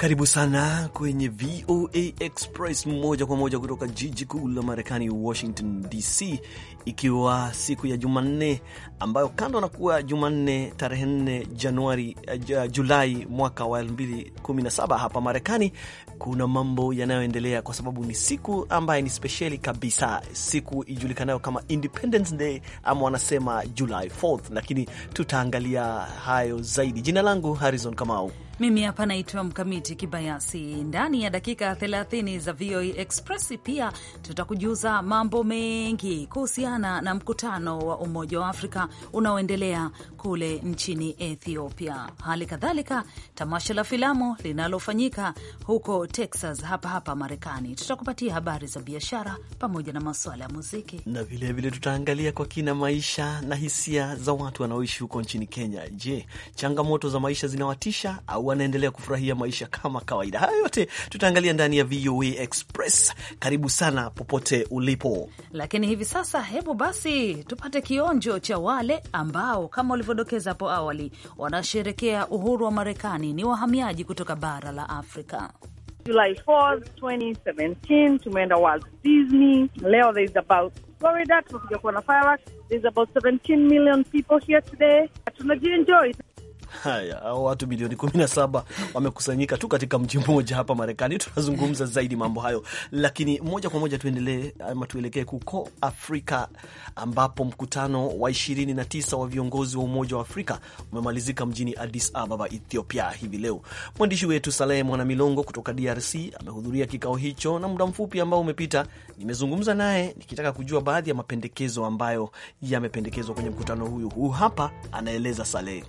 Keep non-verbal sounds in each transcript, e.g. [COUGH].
Karibu sana kwenye VOA Express moja kwa moja kutoka jiji kuu la Marekani, Washington DC, ikiwa siku ya Jumanne ambayo kando na kuwa Jumanne tarehe 4 Januari eh, Julai mwaka wa saba hapa Marekani, kuna mambo yanayoendelea kwa sababu ni siku ambaye ni spesheli kabisa, siku ijulikanayo kama Independence Day ama wanasema July 4th, lakini tutaangalia hayo zaidi. Jina langu Harrison Kamau. Mimi hapa naitwa Mkamiti Kibayasi. Ndani ya dakika 30 za VOA e Express pia tutakujuza mambo mengi kuhusiana na mkutano wa Umoja wa Afrika unaoendelea kule nchini Ethiopia, hali kadhalika tamasha la filamu linalofanyika huko Texas hapa hapa Marekani. Tutakupatia habari za biashara pamoja na masuala ya muziki, na vilevile tutaangalia kwa kina maisha na hisia za watu wanaoishi huko nchini Kenya. Je, changamoto za maisha zinawatisha au wanaendelea kufurahia maisha kama kawaida. Hayo yote tutaangalia ndani ya VOA Express. Karibu sana popote ulipo, lakini hivi sasa, hebu basi tupate kionjo cha wale ambao kama ulivyodokeza hapo awali wanasherekea uhuru wa Marekani ni wahamiaji kutoka bara la Afrika. July 4, 2017 tumeenda Walt Disney. Leo there's about Florida tumekuja kuwa na fireworks. There's about 17 million people here today. Tunajienjoy. Haya, watu milioni 17 wamekusanyika tu katika mji mmoja hapa Marekani. Tunazungumza zaidi mambo hayo, lakini moja kwa moja tuendelee ama tuelekee kuko Afrika ambapo mkutano wa 29 wa viongozi wa Umoja wa Afrika umemalizika mjini Addis Ababa, Ethiopia hivi leo. Mwandishi wetu Salehe Mwanamilongo kutoka DRC amehudhuria kikao hicho, na muda mfupi ambao umepita nimezungumza naye nikitaka kujua baadhi ya mapendekezo ambayo yamependekezwa kwenye mkutano huyu. Huu hapa anaeleza Salehe.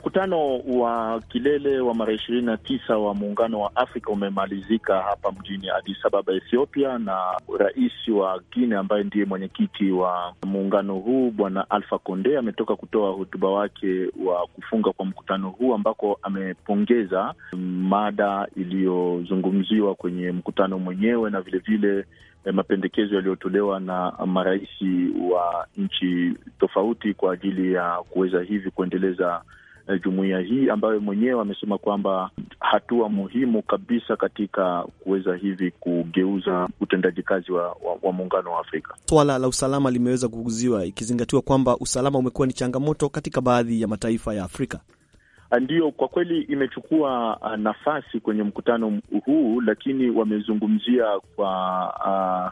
Mkutano wa kilele wa mara ishirini na tisa wa muungano wa Afrika umemalizika hapa mjini Addis Ababa, Ethiopia, na rais wa guine ambaye ndiye mwenyekiti wa muungano huu Bwana Alfa Conde ametoka kutoa hotuba wake wa kufunga kwa mkutano huu ambako amepongeza mada iliyozungumziwa kwenye mkutano mwenyewe na vilevile vile eh, mapendekezo yaliyotolewa na marais wa nchi tofauti kwa ajili ya kuweza hivi kuendeleza Eh, jumuiya hii ambayo mwenyewe amesema kwamba hatua muhimu kabisa katika kuweza hivi kugeuza utendaji kazi wa, wa, wa muungano wa Afrika. Swala la usalama limeweza kuguziwa ikizingatiwa kwamba usalama umekuwa ni changamoto katika baadhi ya mataifa ya Afrika. Ah, Ndiyo, kwa kweli imechukua ah, nafasi kwenye mkutano huu, lakini wamezungumzia kwa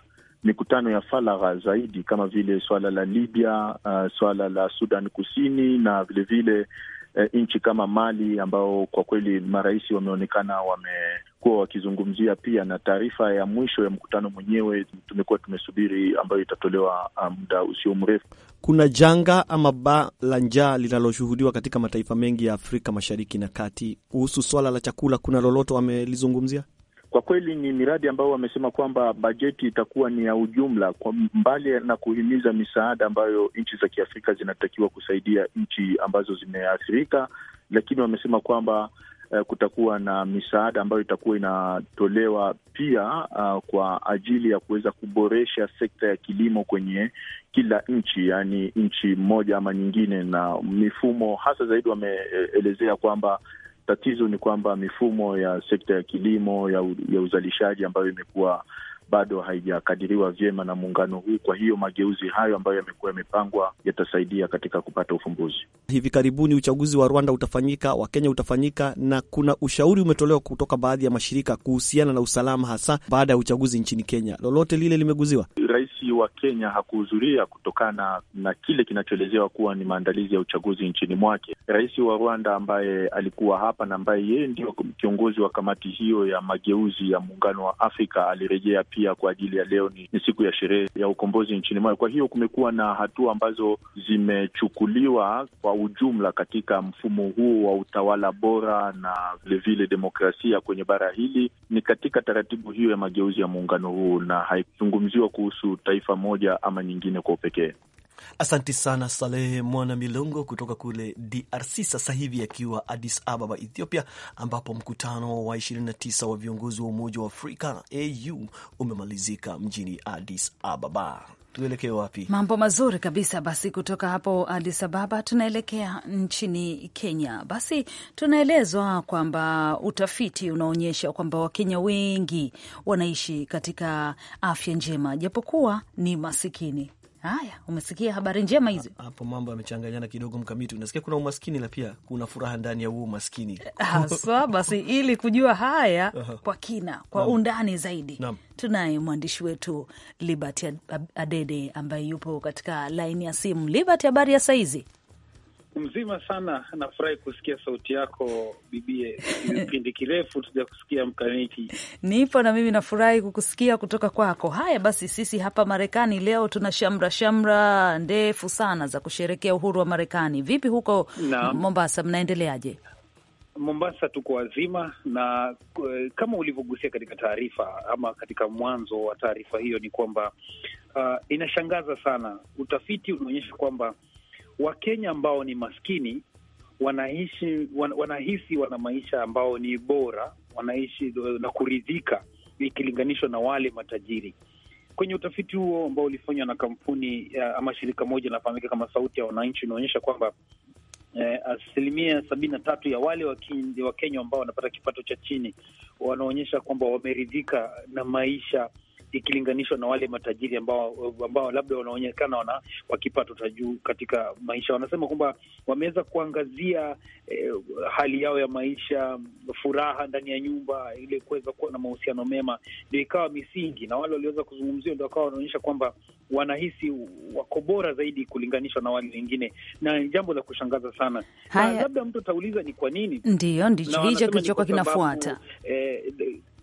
uh, mikutano ya falagha zaidi kama vile swala la Libya, uh, swala la Sudan Kusini na vilevile eh, nchi kama Mali ambao kwa kweli marais wameonekana wamekuwa wakizungumzia pia, na taarifa ya mwisho ya mkutano mwenyewe tumekuwa tumesubiri ambayo itatolewa ah, muda usio mrefu. Kuna janga ama baa la njaa linaloshuhudiwa katika mataifa mengi ya Afrika Mashariki na Kati. Kuhusu swala la chakula, kuna lolote wamelizungumzia? Kwa kweli ni miradi ambayo wamesema kwamba bajeti itakuwa ni ya ujumla, kwa mbali na kuhimiza misaada ambayo nchi za Kiafrika zinatakiwa kusaidia nchi ambazo zimeathirika, lakini wamesema kwamba eh, kutakuwa na misaada ambayo itakuwa inatolewa pia uh, kwa ajili ya kuweza kuboresha sekta ya kilimo kwenye kila nchi, yaani nchi moja ama nyingine, na mifumo hasa zaidi wameelezea kwamba Tatizo ni kwamba mifumo ya sekta ya kilimo ya, ya uzalishaji ambayo imekuwa bado haijakadiriwa vyema na muungano huu. Kwa hiyo mageuzi hayo ambayo yamekuwa yamepangwa yatasaidia katika kupata ufumbuzi. Hivi karibuni uchaguzi wa Rwanda utafanyika, wa Kenya utafanyika, na kuna ushauri umetolewa kutoka baadhi ya mashirika kuhusiana na usalama, hasa baada ya uchaguzi nchini Kenya. Lolote lile limeguziwa? Rais wa Kenya hakuhudhuria kutokana na kile kinachoelezewa kuwa ni maandalizi ya uchaguzi nchini mwake. Rais wa Rwanda ambaye alikuwa hapa na ambaye yeye ndio kiongozi wa kamati hiyo ya mageuzi ya muungano wa Afrika alirejea pia pia kwa ajili ya leo ni, ni siku ya sherehe ya ukombozi nchini mwao. Kwa hiyo kumekuwa na hatua ambazo zimechukuliwa kwa ujumla katika mfumo huo wa utawala bora na vilevile demokrasia kwenye bara hili, ni katika taratibu hiyo ya mageuzi ya muungano huu, na haikuzungumziwa kuhusu taifa moja ama nyingine kwa upekee asanti sana Salehe Mwana Milongo kutoka kule DRC, sasa hivi akiwa Addis Ababa, Ethiopia, ambapo mkutano wa 29 wa viongozi wa Umoja wa Afrika AU umemalizika mjini Addis Ababa. Tuelekee wapi? Mambo mazuri kabisa. Basi kutoka hapo Addis Ababa tunaelekea nchini Kenya. Basi tunaelezwa kwamba utafiti unaonyesha kwamba Wakenya wengi wanaishi katika afya njema japokuwa ni masikini. Haya, umesikia habari njema hizo. Hapo mambo yamechanganyana kidogo, Mkamiti. Unasikia kuna umaskini na pia kuna furaha ndani ya huo umaskini eh, haswa. Basi, ili kujua haya kwa kina, kwa Nam. undani zaidi tunaye mwandishi wetu Liberty Adede ambaye yupo katika laini ya simu. Liberty, habari ya saizi? mzima sana. Nafurahi kusikia sauti yako bibie, [LAUGHS] kipindi kirefu tuja kusikia mkaniti Nipo na mimi nafurahi kukusikia kutoka kwako. Haya basi, sisi hapa Marekani leo tuna shamra shamra ndefu sana za kusherekea uhuru wa Marekani. Vipi huko na Mombasa, mnaendeleaje? Mombasa tuko wazima na eh, kama ulivyogusia katika taarifa ama katika mwanzo wa taarifa hiyo, ni kwamba uh, inashangaza sana. Utafiti unaonyesha kwamba Wakenya ambao ni maskini wanaishi wan, wanahisi wana maisha ambao ni bora, wanaishi na kuridhika ikilinganishwa na wale matajiri. Kwenye utafiti huo ambao ulifanywa na kampuni ama shirika moja linafahamika kama Sauti ya Wananchi, unaonyesha kwamba eh, asilimia sabini na tatu ya wale Wakenya ambao wanapata kipato cha chini wanaonyesha kwamba wameridhika na maisha ikilinganishwa na wale matajiri ambao ambao labda wanaonekana wana wa kipato cha juu katika maisha. Wanasema kwamba wameweza kuangazia eh, hali yao ya maisha, furaha ndani ya nyumba, ile kuweza kuwa na mahusiano mema, ndio ikawa misingi, na wale waliweza kuzungumziwa ndio wakawa wanaonyesha kwamba wanahisi wako bora zaidi kulinganishwa na wale wengine, na ni jambo la kushangaza sana. Haya, na labda mtu atauliza ni kwa nini, ndio ndicho hicho kilichokuwa kinafuata eh,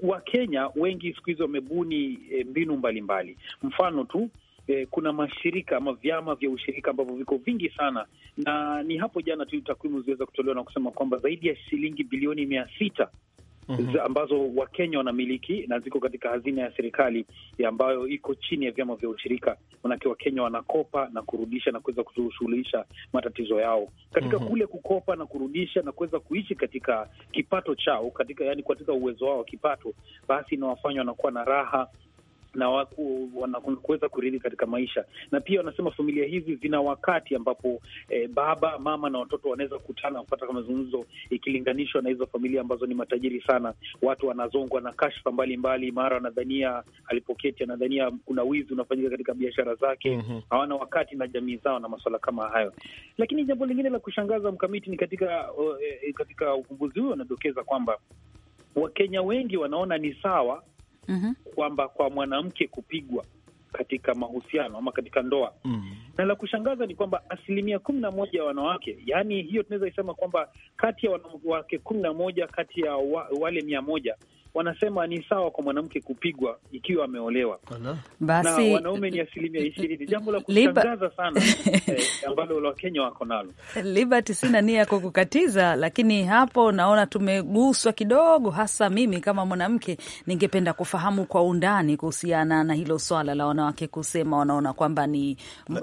Wakenya wengi siku hizi wamebuni eh, mbinu mbalimbali mbalimbali. Mfano tu e, kuna mashirika ama vyama vya ushirika ambavyo viko vingi sana, na ni hapo jana tu takwimu ziliweza kutolewa na kusema kwamba zaidi ya shilingi bilioni mia sita hmm ambazo Wakenya wanamiliki na ziko katika hazina ya serikali ambayo iko chini ya vyama vya ushirika, manake Wakenya wanakopa na kurudisha na kuweza kushughulisha matatizo yao katika mm-hmm. kule kukopa na kurudisha na kuweza kuishi katika kipato chao katika, yani katika uwezo wao wa kipato, basi inawafanywa wanakuwa na raha na waku, kuweza kuridhi katika maisha. Na pia wanasema familia hizi zina wakati ambapo e, baba mama na watoto wanaweza kukutana kupata mazungumzo, ikilinganishwa na hizo familia ambazo ni matajiri sana. Watu wanazongwa na kashfa mbalimbali, mara wanadhania alipoketi, anadhania kuna wizi unafanyika katika biashara zake. mm hawana -hmm. wakati na jamii zao na maswala kama hayo. Lakini jambo lingine la kushangaza mkamiti ni katika uh, katika ufumbuzi huo unadokeza kwamba Wakenya wengi wanaona ni sawa mm -hmm. kwamba kwa mwanamke kupigwa katika mahusiano ama katika ndoa mm -hmm. na la kushangaza ni kwamba asilimia kumi na moja ya wanawake, yaani hiyo tunaweza isema kwamba kati ya wanawake kumi na moja kati ya wa, wale mia moja wanasema ni sawa kwa mwanamke kupigwa ikiwa ameolewa basi, na wanaume ni asilimia ishirini. Jambo la [LAUGHS] kushangaza sana [LAUGHS] eh, ambalo Wakenya wako nalo. Liberty, sina nia ya kukukatiza, lakini hapo naona tumeguswa kidogo, hasa mimi kama mwanamke ningependa kufahamu kwa undani kuhusiana na hilo swala la wanawake kusema wanaona kwamba ni,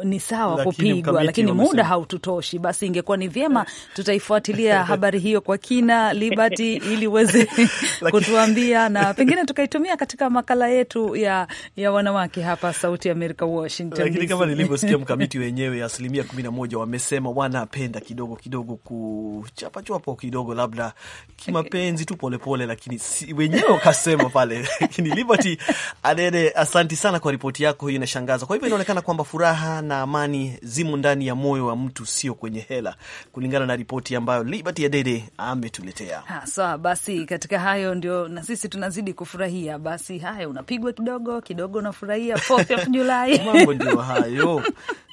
ni sawa lakini kupigwa, lakini muda haututoshi. Basi ingekuwa ni vyema [LAUGHS] tutaifuatilia habari hiyo kwa kina Liberty, ili uweze kutuambia kutuambia na pengine tukaitumia katika makala yetu ya, ya wanawake hapa Sauti ya Amerika, Washington. Lakini kama nilivyosikia mkamiti wenyewe, asilimia kumi na moja wamesema wanapenda kidogo kidogo kuchapachwapo kidogo, labda kimapenzi tu polepole, lakini si, wenyewe wakasema pale. [LAUGHS] Lakini Liberty Adede, asanti sana kwa ripoti yako hiyo, inashangaza. Kwa hivyo inaonekana kwamba furaha na amani zimo ndani ya moyo wa mtu, sio kwenye hela, kulingana na ripoti ambayo Liberty Adede ametuletea. Sawa, so, basi katika hayo ndio nasi sisi tunazidi kufurahia. Basi haya, unapigwa kidogo kidogo, unafurahia Fourth of July [LAUGHS] mambo ndio hayo.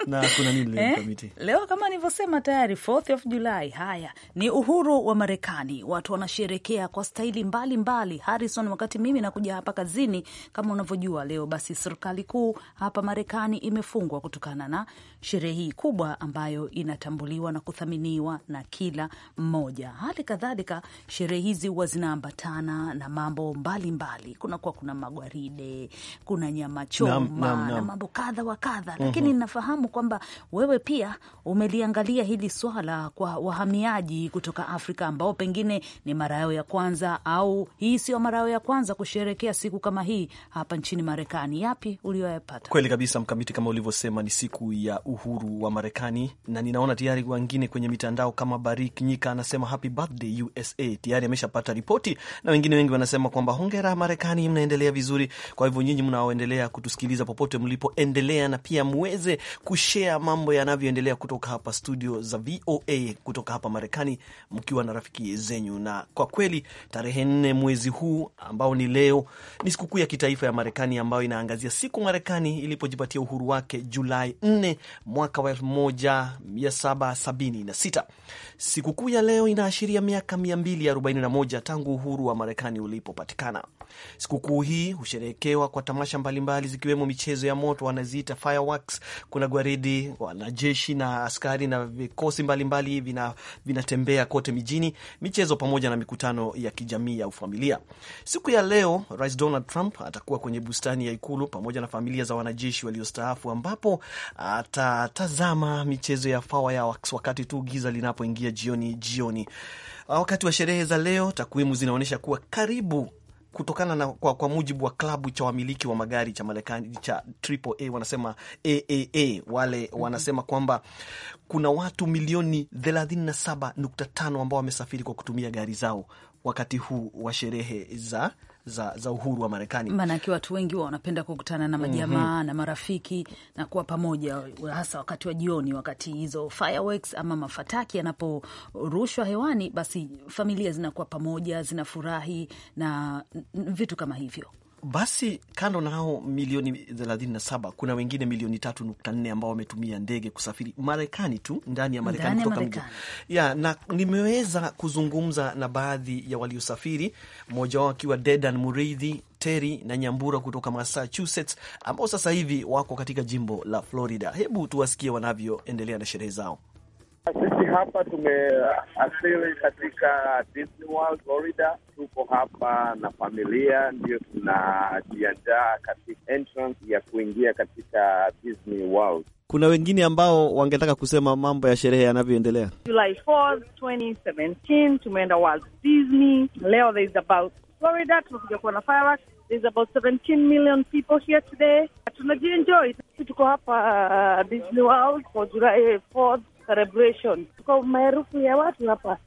Na kuna nini leo eh? Leo kama nilivyosema tayari, Fourth of July, haya ni uhuru wa Marekani, watu wanasherekea kwa staili mbalimbali. Harrison, wakati mimi nakuja hapa kazini, kama unavyojua leo, basi serikali kuu hapa Marekani imefungwa kutokana na sherehe hii kubwa ambayo inatambuliwa na kuthaminiwa na kila mmoja. Hali kadhalika sherehe hizi huwa zinaambatana na mambo mbalimbali, mbali. kuna magwaride, kuna nyama choma na mambo kadha wa kadha, mhm. lakini mm -hmm. nafahamu kwamba wewe pia umeliangalia hili swala kwa wahamiaji kutoka Afrika ambao pengine ni mara yao ya kwanza au hii sio mara yao ya kwanza kusherekea siku kama hii hapa nchini Marekani. Yapi uliyoyapata? Kweli kabisa, Mkamiti, kama ulivyosema ni siku ya uhuru wa Marekani, na ninaona tayari wengine kwenye mitandao kama Barik Nyika anasema happy birthday USA, tayari ameshapata ripoti, na wengine wengi wanasema kwamba hongera Marekani, mnaendelea vizuri. Kwa hivyo nyinyi mnaoendelea kutusikiliza popote mlipoendelea, na pia mweze kushea mambo yanavyoendelea kutoka hapa studio za VOA kutoka hapa Marekani, mkiwa na rafiki zenyu. Na kwa kweli tarehe nne mwezi huu ambao ni leo ni sikukuu ya kitaifa ya Marekani ambayo inaangazia siku Marekani ilipojipatia uhuru wake Julai 4 mwaka wa 1776. Sikukuu ya leo inaashiria miaka 241 tangu uhuru wa Marekani ulipopatikana. Sikukuu hii husherehekewa kwa tamasha mbalimbali zikiwemo michezo ya moto wanaziita fireworks. Kuna gwaridi, wanajeshi na askari na vikosi mbalimbali vina, vinatembea kote mijini, michezo pamoja na mikutano ya kijamii au familia. Siku ya leo Rais Donald Trump atakuwa kwenye bustani ya Ikulu pamoja na familia za wanajeshi waliostaafu ambapo ata tunatazama michezo ya wax wakati tu giza linapoingia jioni jioni. Ah, wakati wa sherehe za leo, takwimu zinaonyesha kuwa karibu kutokana na kwa, kwa mujibu wa klabu cha wamiliki wa magari cha Marekani cha AAA wanasema AAA wale mhm. wanasema kwamba kuna watu milioni 37.5 ambao wamesafiri kwa kutumia gari zao wakati huu wa sherehe za za, za uhuru wa Marekani. Maanake watu wengi wanapenda kukutana na mhm. majamaa mm -hmm. na marafiki na kuwa pamoja, hasa wakati wa jioni, wakati hizo fireworks ama mafataki yanaporushwa hewani, basi familia zinakuwa pamoja, zinafurahi na vitu kama hivyo. Basi kando na hao milioni 37 kuna wengine milioni 3.4 ambao wametumia ndege kusafiri Marekani tu, ndani ya Marekani kutoka mji ya na. Nimeweza kuzungumza na baadhi ya waliosafiri, mmoja wao akiwa Dedan Muridhi Teri na Nyambura kutoka Massachusetts, ambao sasa hivi wako katika jimbo la Florida. Hebu tuwasikie wanavyoendelea na sherehe zao. Sisi hapa tumeasili katika Disney World Florida. Tuko hapa na familia, ndio tunajiandaa katika entrance ya kuingia katika Disney World. Kuna wengine ambao wangetaka kusema mambo ya sherehe yanavyoendelea. July 4, 2017 tumeenda Walt Disney. Leo there is about Florida, tunakuja kuwa na fireworks. There is about 17 million people here today. Tunajienjoy. Tuko hapa uh, Disney World for July 4 celebration. Tuko maelfu ya watu hapa.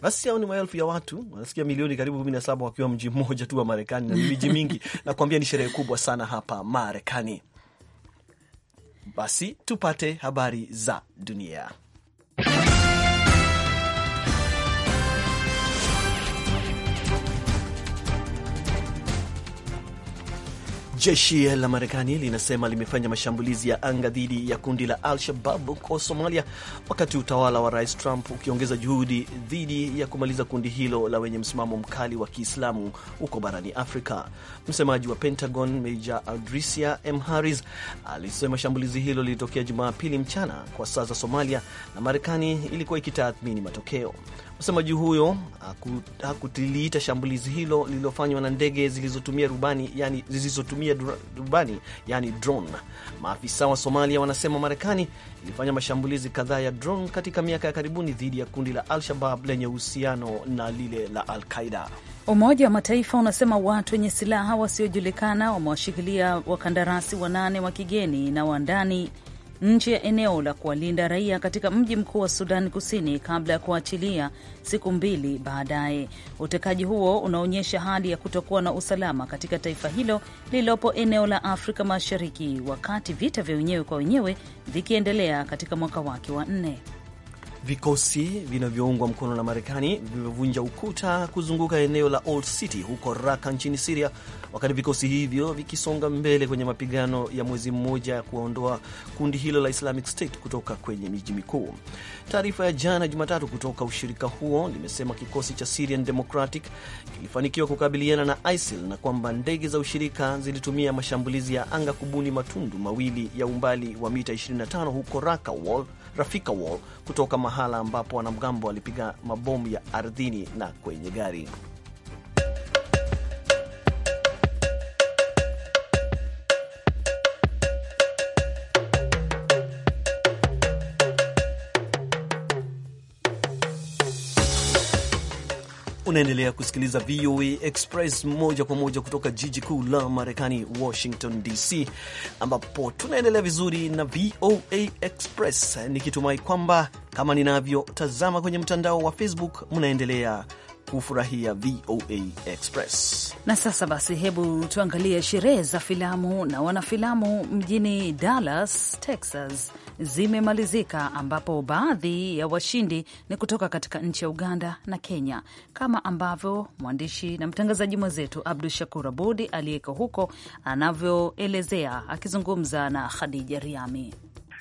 Basi hao ni maelfu ya watu, wanasikia milioni karibu kumi na saba wakiwa mji mmoja tu wa Marekani na miji mingi [LAUGHS] nakuambia, ni sherehe kubwa sana hapa Marekani. Basi tupate habari za dunia. Jeshi la Marekani linasema limefanya mashambulizi ya anga dhidi ya kundi la Al-Shabab huko Somalia, wakati utawala wa Rais Trump ukiongeza juhudi dhidi ya kumaliza kundi hilo la wenye msimamo mkali wa Kiislamu huko barani Afrika. Msemaji wa Pentagon Meja Adrisia M Harris alisema shambulizi hilo lilitokea Jumapili mchana kwa saa za Somalia, na Marekani ilikuwa ikitathmini matokeo. Msemaji huyo hakutiliita shambulizi hilo lililofanywa na ndege zilizotumia rubani, yani zilizotumia rubani, yani drone. Maafisa wa Somalia wanasema Marekani ilifanya mashambulizi kadhaa ya drone katika miaka ya karibuni dhidi ya kundi la Al-Shabab lenye uhusiano na lile la Al-Qaida. Umoja wa Mataifa unasema watu wenye silaha wasiojulikana wamewashikilia wakandarasi wanane wa kigeni na wa ndani nje ya eneo la kuwalinda raia katika mji mkuu wa Sudan Kusini kabla ya kuachilia siku mbili baadaye. Utekaji huo unaonyesha hali ya kutokuwa na usalama katika taifa hilo lililopo eneo la Afrika Mashariki, wakati vita vya wenyewe kwa wenyewe vikiendelea katika mwaka wake wa nne. Vikosi vinavyoungwa mkono na Marekani vilivyovunja ukuta kuzunguka eneo la Old City huko Raka nchini Siria, wakati vikosi hivyo vikisonga mbele kwenye mapigano ya mwezi mmoja ya kuwaondoa kundi hilo la Islamic State kutoka kwenye miji mikuu. Taarifa ya jana Jumatatu kutoka ushirika huo limesema kikosi cha Syrian Democratic kilifanikiwa kukabiliana na ISIL na kwamba ndege za ushirika zilitumia mashambulizi ya anga kubuni matundu mawili ya umbali wa mita 25 huko Raka Wall Rafika Wall kutoka mahala ambapo wanamgambo walipiga mabomu ya ardhini na kwenye gari. Unaendelea kusikiliza VOA Express moja kwa moja kutoka jiji kuu la Marekani, Washington DC, ambapo tunaendelea vizuri na VOA Express, nikitumai kwamba kama ninavyotazama kwenye mtandao wa Facebook mnaendelea kufurahia VOA Express. Na sasa basi, hebu tuangalie sherehe za filamu na wanafilamu mjini Dallas, Texas zimemalizika, ambapo baadhi ya washindi ni kutoka katika nchi ya Uganda na Kenya, kama ambavyo mwandishi na mtangazaji mwenzetu Abdu Shakur Abudi aliyeko huko anavyoelezea akizungumza na Khadija Riami.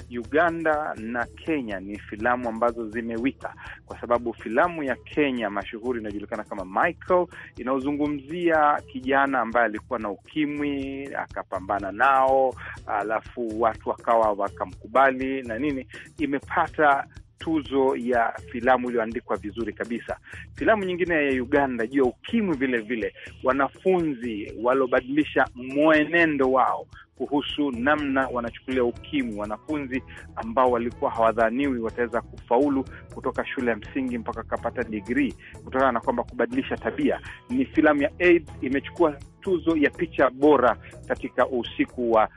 Uganda na Kenya ni filamu ambazo zimewika, kwa sababu filamu ya Kenya mashuhuri inayojulikana kama Michael inaozungumzia kijana ambaye alikuwa na ukimwi akapambana nao, alafu watu wakawa wakamkubali na nini, imepata tuzo ya filamu iliyoandikwa vizuri kabisa. Filamu nyingine ya Uganda juu ya ukimwi vile vile, wanafunzi waliobadilisha mwenendo wao kuhusu namna wanachukulia ukimwi. Wanafunzi ambao walikuwa hawadhaniwi wataweza kufaulu kutoka shule ya msingi mpaka akapata digrii, kutokana na kwamba kubadilisha tabia. Ni filamu ya AIDS imechukua tuzo ya picha bora katika usiku wa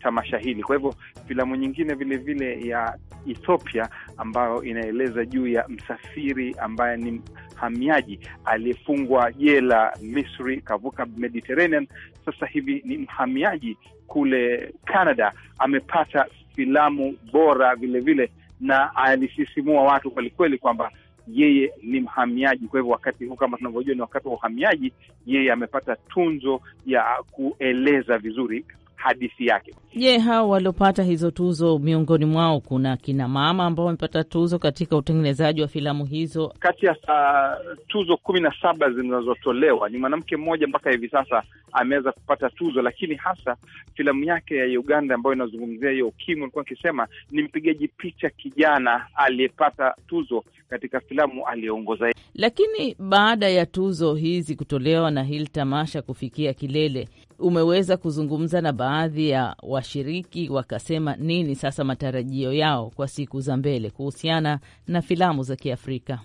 tamasha hili. Kwa hivyo filamu nyingine vilevile vile ya Ethiopia ambayo inaeleza juu ya msafiri ambaye ni mhamiaji aliyefungwa jela Misri, kavuka Mediterranean sasa hivi ni mhamiaji kule Canada, amepata filamu bora vilevile vile, na alisisimua watu kwelikweli kwamba yeye ni mhamiaji. Kwa hivyo wakati huu kama tunavyojua ni wakati wa uhamiaji, yeye amepata tunzo ya kueleza vizuri hadithi yake. Je, hao waliopata hizo tuzo, miongoni mwao kuna kina mama ambao wamepata tuzo katika utengenezaji wa filamu hizo? Kati ya uh, tuzo kumi na saba zinazotolewa ni mwanamke mmoja mpaka hivi sasa ameweza kupata tuzo, lakini hasa filamu yake ya Uganda ambayo inazungumzia hiyo ukimwi, alikuwa akisema ni mpigaji picha kijana aliyepata tuzo katika filamu aliyoongoza. Lakini baada ya tuzo hizi kutolewa na hili tamasha kufikia kilele umeweza kuzungumza na baadhi ya washiriki, wakasema nini sasa matarajio yao kwa siku za mbele kuhusiana na filamu za Kiafrika?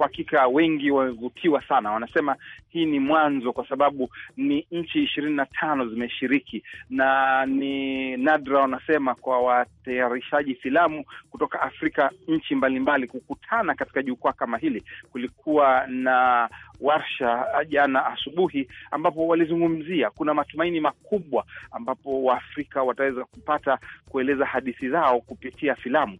kwa hakika wengi wamevutiwa sana, wanasema hii ni mwanzo, kwa sababu ni nchi ishirini na tano zimeshiriki na ni nadra, wanasema kwa watayarishaji filamu kutoka Afrika nchi mbalimbali kukutana katika jukwaa kama hili. Kulikuwa na warsha jana asubuhi ambapo walizungumzia kuna matumaini makubwa ambapo Waafrika wataweza kupata kueleza hadithi zao kupitia filamu.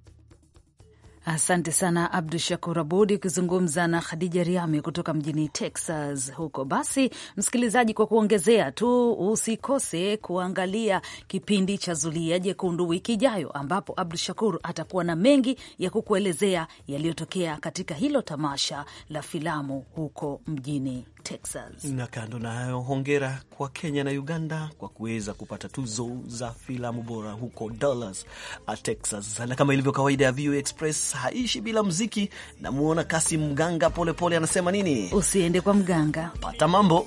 Asante sana Abdu Shakur Abud ukizungumza na Khadija Riami kutoka mjini Texas huko. Basi msikilizaji, kwa kuongezea tu, usikose kuangalia kipindi cha Zulia Jekundu wiki ijayo, ambapo Abdu Shakur atakuwa na mengi ya kukuelezea yaliyotokea katika hilo tamasha la filamu huko mjini Texas. Na kando na hayo, hongera kwa Kenya na Uganda kwa kuweza kupata tuzo za filamu bora huko Dallas, uh, Texas. Na kama ilivyo kawaida ya VOA Express haishi bila mziki. Namuona kasi mganga polepole pole, anasema nini? Usiende kwa mganga, pata mambo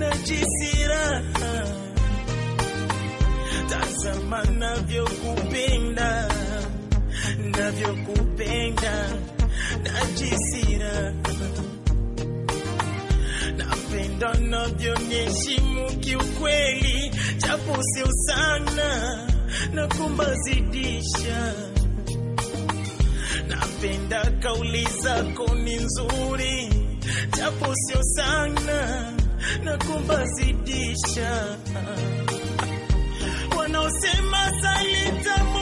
najisi raha, tazama navyokupenda, navyokupenda najisi napenda navyonyeshimu kiukweli, japo sio sana na kumbazidisha napenda kauli zako ni nzuri, japo sio sana na zidisha, wanaosema saitamu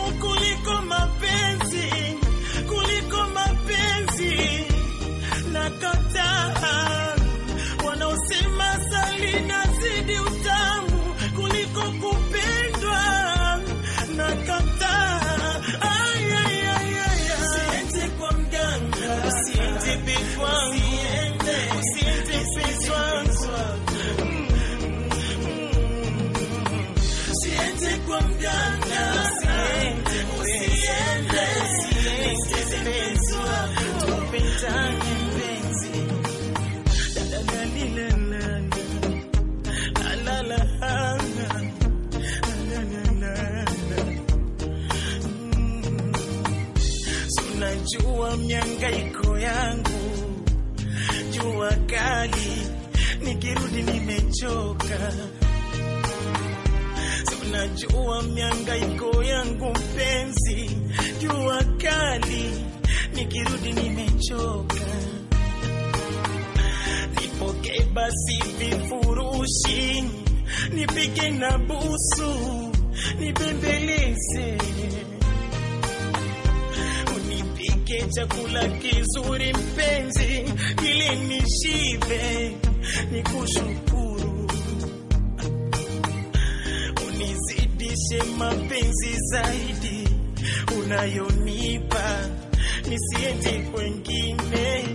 nimechoka, mianga iko yangu mpenzi, jua kali, nikirudi nimechoka, nipokee basi vifurushi, nipike na busu, nipembeleze unipike chakula kizuri mpenzi, ili nishibe nikushukuru nionyeshe mapenzi zaidi unayonipa, nisiende kwengine.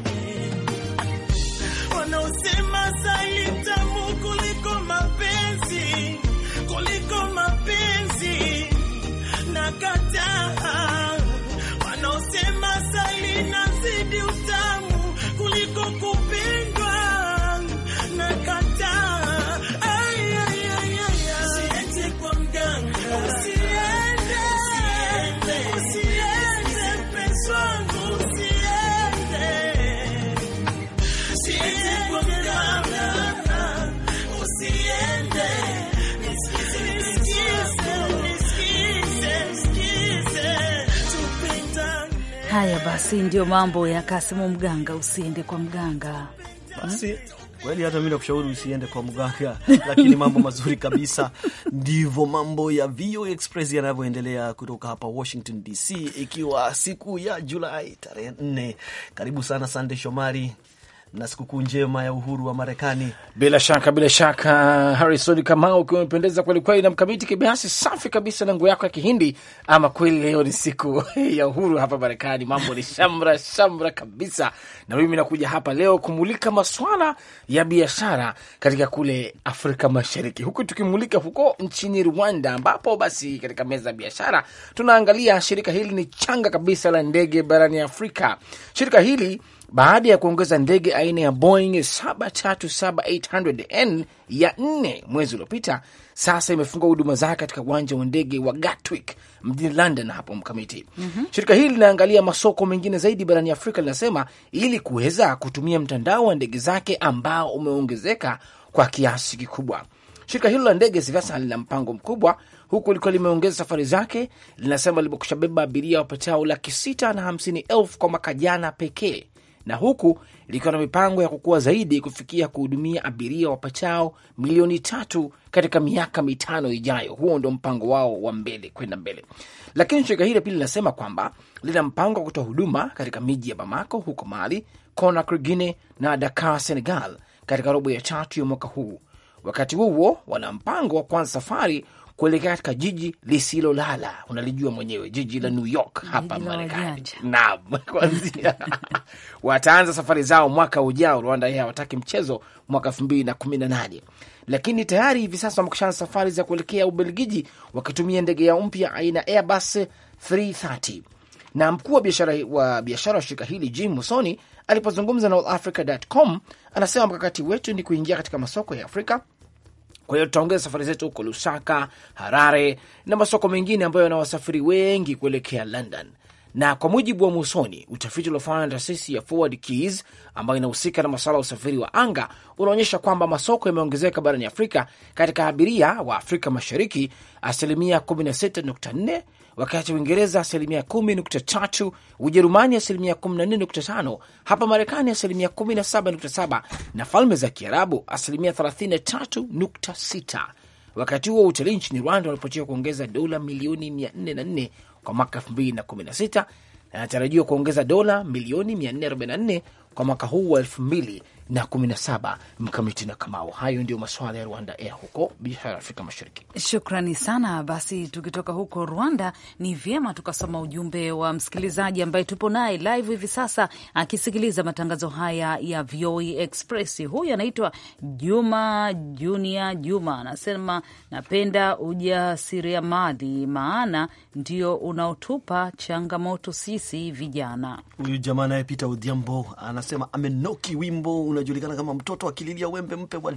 Haya basi, ndio mambo ya Kasimu Mganga. Usiende kwa mganga basi eh? kweli hata mi nakushauri usiende kwa mganga, [LAUGHS] lakini mambo mazuri kabisa. [LAUGHS] Ndivyo mambo ya VOA Express yanavyoendelea kutoka hapa Washington DC, ikiwa siku ya Julai tarehe nne. Karibu sana Sande Shomari na sikukuu njema ya uhuru wa Marekani. Bila shaka, bila shaka, Harison Kamau, ukiwa umependeza kwelikweli na Mkamiti kibiasi safi kabisa na nguo yako ya Kihindi. Ama kweli, leo ni siku [LAUGHS] ya uhuru hapa Marekani, mambo ni shamra shamra kabisa. Na mimi nakuja hapa leo kumulika maswala ya biashara katika kule Afrika Mashariki, huku tukimulika huko nchini Rwanda, ambapo basi katika meza ya biashara tunaangalia shirika hili ni changa kabisa la ndege barani Afrika. Shirika hili baada ya kuongeza ndege aina ya Boeing 737-800N ya nne mwezi uliopita, sasa imefungua huduma zake katika uwanja wa ndege wa Gatwick mjini London hapo mkamiti. mm -hmm. Shirika hili linaangalia masoko mengine zaidi barani Afrika, linasema ili kuweza kutumia mtandao wa ndege zake ambao umeongezeka kwa kiasi kikubwa. Shirika hilo la ndege hivi lina mpango mkubwa, huku likiwa limeongeza safari zake. Linasema limekushabeba abiria wapatao laki sita na hamsini elfu kwa mwaka jana pekee na huku likiwa na mipango ya kukua zaidi kufikia kuhudumia abiria wapatao milioni tatu katika miaka mitano ijayo. Huo ndio mpango wao wa mbele kwenda mbele, lakini shirika hili pili linasema kwamba lina mpango wa kutoa huduma katika miji ya Bamako huko Mali, Conakry Guinea na Dakar Senegal katika robo ya tatu ya mwaka huu. Wakati huo wana mpango wa kuanza safari kuelekea katika jiji lisilolala. Unalijua mwenyewe jiji la New York hapa Marekani. Naam, [LAUGHS] kwanzia wataanza safari zao mwaka ujao. Rwanda yeye hawataki mchezo mwaka elfu mbili na kumi na nane lakini tayari hivi sasa wamekushana safari za kuelekea Ubelgiji wakitumia ndege yao mpya aina Airbus 330 na mkuu wa biashara wa biashara wa shirika hili Jim Musoni alipozungumza na allafrica.com anasema mkakati wetu ni kuingia katika masoko ya Afrika kwa hiyo tutaongeza safari zetu huko Lusaka, Harare na masoko mengine ambayo yana wasafiri wengi kuelekea London. Na kwa mujibu wa Musoni, utafiti uliofanywa na taasisi ya Forward Keys ambayo inahusika na masuala ya usafiri wa anga unaonyesha kwamba masoko yameongezeka barani Afrika katika abiria wa Afrika Mashariki asilimia 16.4 wakati Uingereza asilimia 13 Ujerumani asilimia 14.5, hapa Marekani asilimia 17.7 na Falme za Kiarabu asilimia 33.6. Wakati huo utalii nchini Rwanda unaripotiwa kuongeza dola milioni 44 kwa mwaka 216 na anatarajiwa kuongeza dola milioni 444 kwa mwaka huu wa elfu mbili na kumi na saba. Mkamiti na Kamau, hayo ndio maswala ya Rwanda Air huko biashara Afrika Mashariki. Shukrani sana. Basi tukitoka huko Rwanda, ni vyema tukasoma ujumbe wa msikilizaji ambaye tupo naye live hivi sasa akisikiliza matangazo haya ya VOA e Express. Huyu anaitwa Juma Junia Juma, anasema napenda ujasiriamali, maana ndio unaotupa changamoto sisi vijana. Huyu jamaa anayepita Udhiambo ana anasema amenoki. Wimbo unajulikana kama mtoto akililia wembe mpe wa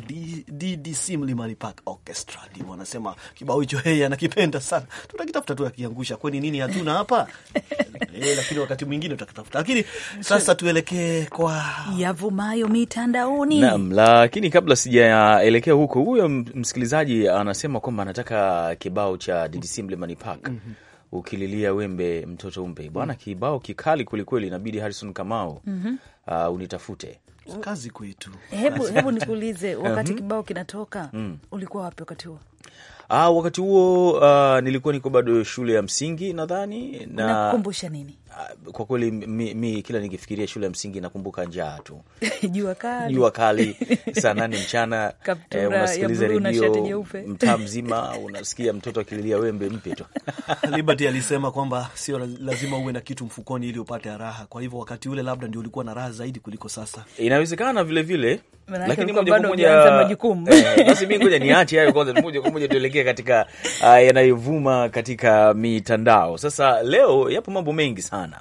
DDC Mlimani Park Orchestra, ndio anasema kibao hicho. yeye anakipenda sana, tutakitafuta tu akiangusha. Kwani nini hatuna hapa [LAUGHS] eh, lakini wakati mwingine tutakitafuta. Lakini sasa tuelekee kwa yavumayo mitandaoni. Naam, lakini kabla sijaelekea huko, huyo msikilizaji anasema kwamba anataka kibao cha DDC Mlimani Park mm -hmm ukililia wembe mtoto mpe mm-hmm. bwana. mm. Kibao kikali kwelikweli, inabidi Harrison kamao mm -hmm. uh, unitafute kazi kwetu. Hebu, hebu nikuulize [LAUGHS] wakati mm-hmm. kibao kinatoka mm. ulikuwa wapi wakati huo? Ah, wakati huo uh, nilikuwa niko bado shule ya msingi nadhani, na nakukumbusha nini? Uh, kwa kweli mi, mi kila nikifikiria shule ya msingi nakumbuka njaa tu [LAUGHS] jua kali, jua kali [LAUGHS] saa nane mchana eh, unasikiliza redio mtaa mzima unasikia mtoto akililia wembe mpya tu. [LAUGHS] Liberty alisema kwamba sio lazima uwe na kitu mfukoni ili upate raha, kwa hivyo wakati ule labda ndio ulikuwa na raha zaidi kuliko sasa, inawezekana vilevile lakini moja kwa moja majukumu [LAUGHS] eh, basi, mimi ngoja niache hayo kwanza, moja kwa moja tuelekee katika uh, yanayovuma katika mitandao. Sasa leo yapo mambo mengi sana,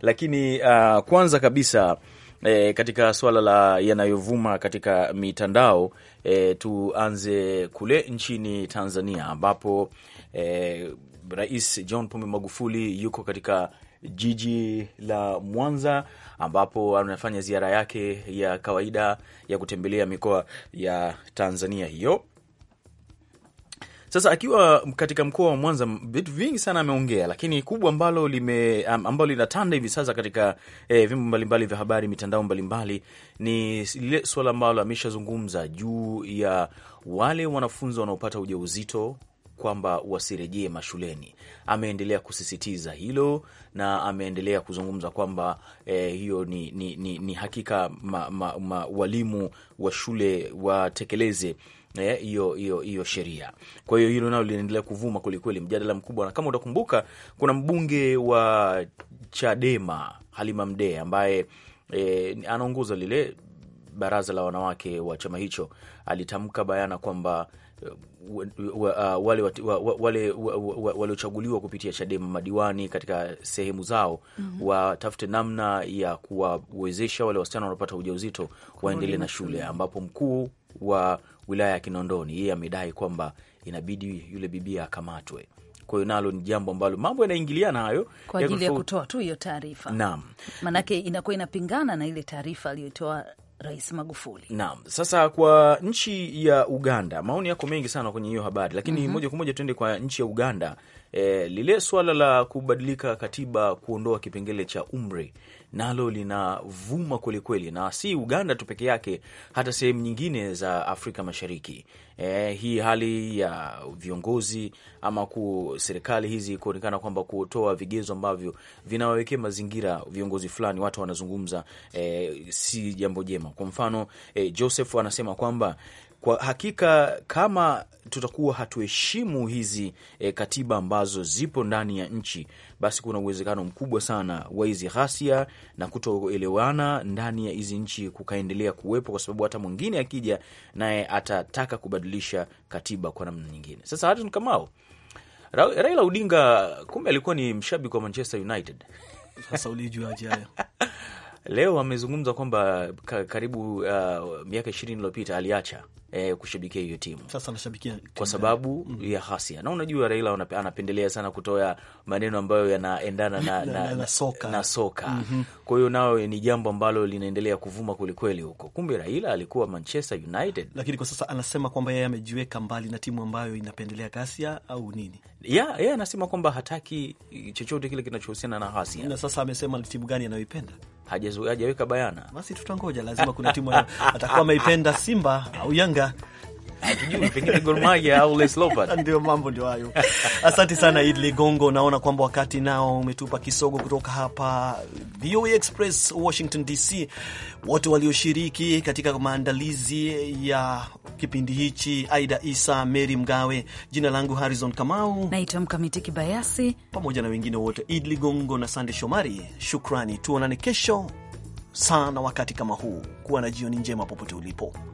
lakini uh, kwanza kabisa E, katika suala la yanayovuma katika mitandao e, tuanze kule nchini Tanzania ambapo e, Rais John Pombe Magufuli yuko katika jiji la Mwanza, ambapo anafanya ziara yake ya kawaida ya kutembelea mikoa ya Tanzania hiyo. Sasa akiwa katika mkoa wa Mwanza, vitu vingi sana ameongea, lakini kubwa ambalo lime ambalo linatanda hivi sasa katika eh, vyombo mbalimbali vya habari, mitandao mbalimbali ni lile suala ambalo ameshazungumza juu ya wale wanafunzi wanaopata ujauzito kwamba wasirejee mashuleni. Ameendelea kusisitiza hilo na ameendelea kuzungumza kwamba eh, hiyo ni, ni, ni, ni hakika ma, ma, ma, walimu wa shule watekeleze eh, hiyo hiyo hiyo sheria. Kwa hiyo hilo nalo linaendelea kuvuma kwelikweli, mjadala mkubwa. Na kama utakumbuka, kuna mbunge wa Chadema Halima Mdee ambaye e, anaongoza lile baraza la wanawake wa chama hicho alitamka bayana kwamba wale waliochaguliwa kupitia Chadema madiwani katika sehemu zao mm -hmm. watafute namna ya kuwawezesha wale wasichana wanaopata ujauzito waendelee na shule, ambapo mkuu wa wilaya ya Kinondoni yeye amedai kwamba inabidi yule bibia akamatwe. Kwa hiyo nalo ni jambo ambalo mambo yanaingiliana hayo kwa ajili ya kutoa tu hiyo taarifa. Naam, maanake inakuwa inapingana na ile taarifa aliyotoa Rais Magufuli. Naam, sasa kwa nchi ya Uganda maoni yako mengi sana kwenye hiyo habari, lakini mm -hmm. moja kwa moja tuende kwa nchi ya Uganda. E, lile suala la kubadilika katiba kuondoa kipengele cha umri nalo linavuma kwelikweli, na si Uganda tu peke yake, hata sehemu nyingine za Afrika Mashariki. E, hii hali ya viongozi ama ku serikali hizi kuonekana kwamba kutoa vigezo ambavyo vinawawekea mazingira viongozi fulani, watu wanazungumza, e, si jambo jema. Kwa mfano e, Joseph anasema kwamba kwa hakika kama tutakuwa hatuheshimu hizi e, katiba ambazo zipo ndani ya nchi, basi kuna uwezekano mkubwa sana wa hizi ghasia na kutoelewana ndani ya hizi nchi kukaendelea kuwepo, kwa sababu hata mwingine akija naye atataka kubadilisha katiba kwa namna nyingine. Sasa Harrison Kamau, Raila Odinga kumbe alikuwa ni mshabiki wa Manchester United. Sasa ulijuaje hayo? [LAUGHS] leo amezungumza kwamba karibu uh, miaka ishirini iliyopita aliacha eh, kushabikia hiyo timu. Sasa anashabikia kwa sababu mm, ya ghasia, na unajua Raila anapendelea sana kutoa maneno ambayo yanaendana na, [LAUGHS] na, na, na soka, na soka. Mm -hmm. Kwa hiyo nao ni jambo ambalo linaendelea kuvuma kwelikweli huko. Kumbe Raila alikuwa Manchester United, lakini kwa sasa anasema kwamba yeye amejiweka mbali na timu ambayo inapendelea ghasia au nini yeye anasema kwamba hataki chochote kile kinachohusiana na ghasia, na sasa amesema timu gani anayoipenda hajaweka bayana. Basi tutangoja, lazima kuna timu atakuwa ameipenda Simba au Yanga hatujui pengine Gor Mahia au Les Leopards. [LAUGHS] Ndio mambo ndio hayo. Asante sana Idi Ligongo, naona kwamba wakati nao umetupa kisogo. Kutoka hapa VOA Express Washington DC, wote walioshiriki katika maandalizi ya kipindi hichi, Aida Isa, Mary Mgawe, jina langu Harrison Kamau, naitwa Mkamiti Kibayasi, pamoja na wengine wote, Idi Ligongo na Sande Shomari. Shukrani, tuonane kesho sana wakati kama huu. Kuwa na jioni njema popote ulipo.